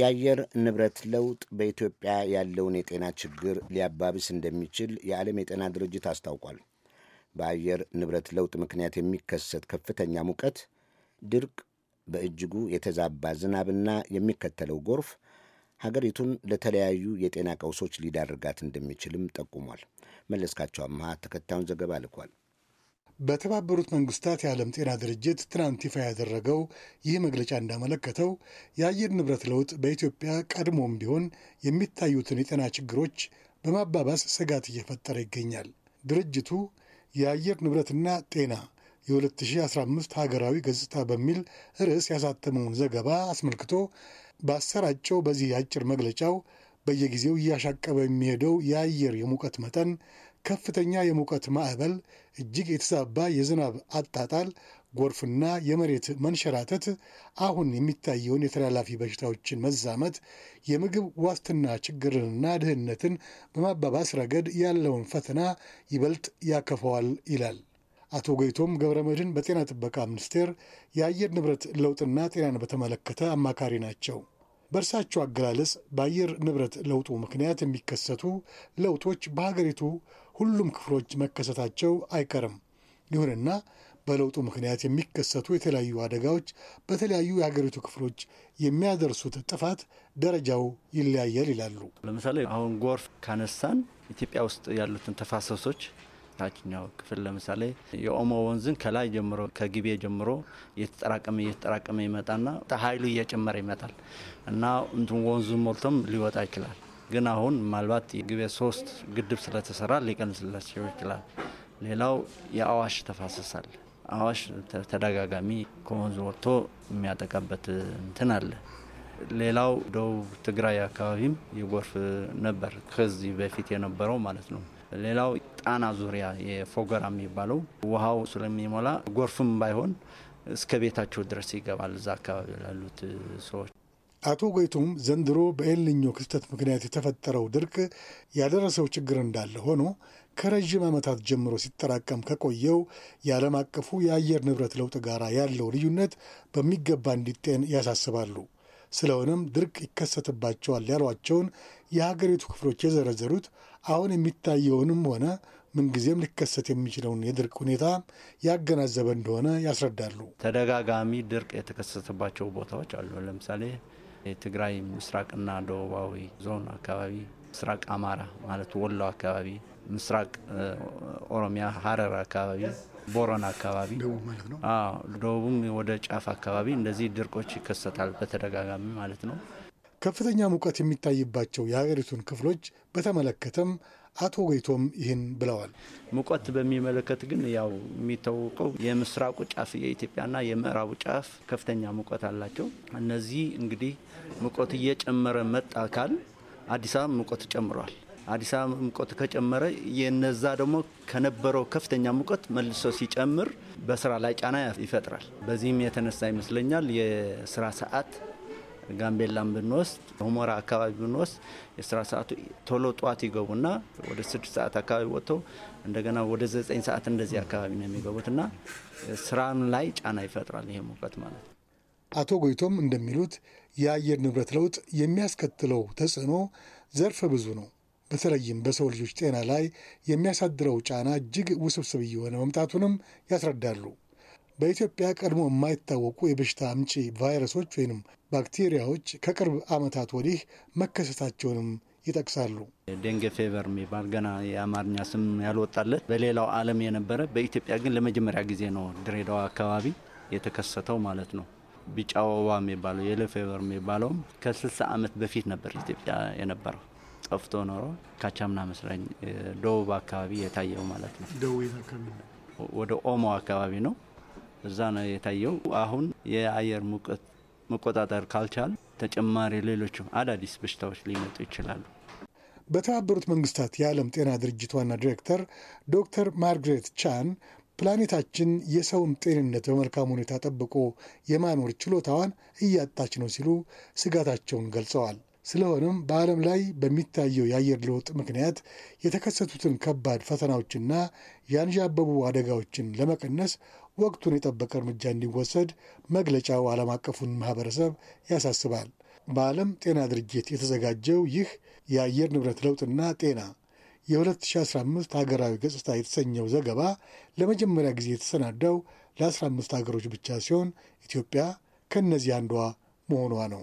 የአየር ንብረት ለውጥ በኢትዮጵያ ያለውን የጤና ችግር ሊያባብስ እንደሚችል የዓለም የጤና ድርጅት አስታውቋል። በአየር ንብረት ለውጥ ምክንያት የሚከሰት ከፍተኛ ሙቀት፣ ድርቅ፣ በእጅጉ የተዛባ ዝናብና የሚከተለው ጎርፍ ሀገሪቱን ለተለያዩ የጤና ቀውሶች ሊዳርጋት እንደሚችልም ጠቁሟል። መለስካቸው አምሃ ተከታዩን ዘገባ ልኳል። በተባበሩት መንግስታት የዓለም ጤና ድርጅት ትናንት ይፋ ያደረገው ይህ መግለጫ እንዳመለከተው የአየር ንብረት ለውጥ በኢትዮጵያ ቀድሞም ቢሆን የሚታዩትን የጤና ችግሮች በማባባስ ስጋት እየፈጠረ ይገኛል። ድርጅቱ የአየር ንብረትና ጤና የ2015 ሀገራዊ ገጽታ በሚል ርዕስ ያሳተመውን ዘገባ አስመልክቶ ባሰራጨው በዚህ አጭር መግለጫው በየጊዜው እያሻቀበ የሚሄደው የአየር የሙቀት መጠን፣ ከፍተኛ የሙቀት ማዕበል፣ እጅግ የተዛባ የዝናብ አጣጣል፣ ጎርፍና የመሬት መንሸራተት አሁን የሚታየውን የተላላፊ በሽታዎችን መዛመት፣ የምግብ ዋስትና ችግርንና ድህነትን በማባባስ ረገድ ያለውን ፈተና ይበልጥ ያከፈዋል ይላል። አቶ ጎይቶም ገብረ መድህን በጤና ጥበቃ ሚኒስቴር የአየር ንብረት ለውጥና ጤናን በተመለከተ አማካሪ ናቸው። በእርሳቸው አገላለጽ በአየር ንብረት ለውጡ ምክንያት የሚከሰቱ ለውጦች በሀገሪቱ ሁሉም ክፍሎች መከሰታቸው አይቀርም። ይሁንና በለውጡ ምክንያት የሚከሰቱ የተለያዩ አደጋዎች በተለያዩ የሀገሪቱ ክፍሎች የሚያደርሱት ጥፋት ደረጃው ይለያያል ይላሉ። ለምሳሌ አሁን ጎርፍ ካነሳን ኢትዮጵያ ውስጥ ያሉትን ተፋሰሶች ታችኛው ክፍል ለምሳሌ የኦሞ ወንዝን ከላይ ጀምሮ ከግቤ ጀምሮ እየተጠራቀመ እየተጠራቀመ ይመጣና ኃይሉ እየጨመረ ይመጣል እና እንትን ወንዙን ሞልቶም ሊወጣ ይችላል። ግን አሁን ምናልባት የግቤ ሶስት ግድብ ስለተሰራ ሊቀንስላቸው ይችላል። ሌላው የአዋሽ ተፋሰሳል አዋሽ ተደጋጋሚ ከወንዝ ወጥቶ የሚያጠቃበት እንትን አለ። ሌላው ደቡብ ትግራይ አካባቢም የጎርፍ ነበር ከዚህ በፊት የነበረው ማለት ነው። ሌላው ጣና ዙሪያ የፎገራ የሚባለው ውሃው ስለሚሞላ ጎርፍም ባይሆን እስከ ቤታቸው ድረስ ይገባል እዛ አካባቢ ላሉት ሰዎች። አቶ ጎይቱም ዘንድሮ በኤልኞ ክስተት ምክንያት የተፈጠረው ድርቅ ያደረሰው ችግር እንዳለ ሆኖ ከረዥም ዓመታት ጀምሮ ሲጠራቀም ከቆየው የዓለም አቀፉ የአየር ንብረት ለውጥ ጋር ያለው ልዩነት በሚገባ እንዲጤን ያሳስባሉ። ስለሆነም ድርቅ ይከሰትባቸዋል ያሏቸውን የሀገሪቱ ክፍሎች የዘረዘሩት አሁን የሚታየውንም ሆነ ምንጊዜም ሊከሰት የሚችለውን የድርቅ ሁኔታ ያገናዘበ እንደሆነ ያስረዳሉ። ተደጋጋሚ ድርቅ የተከሰተባቸው ቦታዎች አሉ። ለምሳሌ የትግራይ ምስራቅና ደቡባዊ ዞን አካባቢ፣ ምስራቅ አማራ ማለት ወሎ አካባቢ፣ ምስራቅ ኦሮሚያ ሀረር አካባቢ፣ ቦረና አካባቢ፣ ደቡብም ወደ ጫፍ አካባቢ እንደዚህ ድርቆች ይከሰታል በተደጋጋሚ ማለት ነው። ከፍተኛ ሙቀት የሚታይባቸው የሀገሪቱን ክፍሎች በተመለከተም አቶ ጎይቶም ይህን ብለዋል። ሙቀት በሚመለከት ግን ያው የሚታወቀው የምስራቁ ጫፍ የኢትዮጵያና የምዕራቡ ጫፍ ከፍተኛ ሙቀት አላቸው። እነዚህ እንግዲህ ሙቀት እየጨመረ መጣ አካል አዲስ አበባ ሙቀት ጨምሯል። አዲስ አበባ ሙቀት ከጨመረ የነዛ ደግሞ ከነበረው ከፍተኛ ሙቀት መልሶ ሲጨምር በስራ ላይ ጫና ይፈጥራል። በዚህም የተነሳ ይመስለኛል የስራ ሰዓት ጋምቤላን ብንወስድ ሁመራ አካባቢ ብንወስድ የስራ ሰዓቱ ቶሎ ጠዋት ይገቡና ወደ ስድስት ሰዓት አካባቢ ወጥተው እንደገና ወደ ዘጠኝ ሰዓት እንደዚህ አካባቢ ነው የሚገቡትና ስራም ላይ ጫና ይፈጥራል ይሄ ሙቀት ማለት ነው። አቶ ጎይቶም እንደሚሉት የአየር ንብረት ለውጥ የሚያስከትለው ተጽዕኖ ዘርፈ ብዙ ነው። በተለይም በሰው ልጆች ጤና ላይ የሚያሳድረው ጫና እጅግ ውስብስብ እየሆነ መምጣቱንም ያስረዳሉ። በኢትዮጵያ ቀድሞ የማይታወቁ የበሽታ አምጪ ቫይረሶች ወይም ባክቴሪያዎች ከቅርብ ዓመታት ወዲህ መከሰታቸውንም ይጠቅሳሉ። ደንገ ፌቨር የሚባል ገና የአማርኛ ስም ያልወጣለት በሌላው ዓለም የነበረ በኢትዮጵያ ግን ለመጀመሪያ ጊዜ ነው ድሬዳዋ አካባቢ የተከሰተው ማለት ነው። ቢጫ ወባ የሚባለው የለ ፌቨር የሚባለውም ከ60 ዓመት በፊት ነበር ኢትዮጵያ የነበረው ጠፍቶ ኖሮ ካቻምና መስለኝ ደቡብ አካባቢ የታየው ማለት ነው። ወደ ኦሞ አካባቢ ነው። እዛ ነው የታየው። አሁን የአየር ሙቀት መቆጣጠር ካልቻል ተጨማሪ ሌሎችም አዳዲስ በሽታዎች ሊመጡ ይችላሉ። በተባበሩት መንግስታት የዓለም ጤና ድርጅት ዋና ዲሬክተር ዶክተር ማርግሬት ቻን ፕላኔታችን የሰውን ጤንነት በመልካም ሁኔታ ጠብቆ የማኖር ችሎታዋን እያጣች ነው ሲሉ ስጋታቸውን ገልጸዋል። ስለሆነም በዓለም ላይ በሚታየው የአየር ለውጥ ምክንያት የተከሰቱትን ከባድ ፈተናዎችና ያንዣበቡ አደጋዎችን ለመቀነስ ወቅቱን የጠበቀ እርምጃ እንዲወሰድ መግለጫው ዓለም አቀፉን ማህበረሰብ ያሳስባል። በዓለም ጤና ድርጅት የተዘጋጀው ይህ የአየር ንብረት ለውጥና ጤና የ2015 ሀገራዊ ገጽታ የተሰኘው ዘገባ ለመጀመሪያ ጊዜ የተሰናዳው ለ15 ሀገሮች ብቻ ሲሆን ኢትዮጵያ ከእነዚህ አንዷ መሆኗ ነው።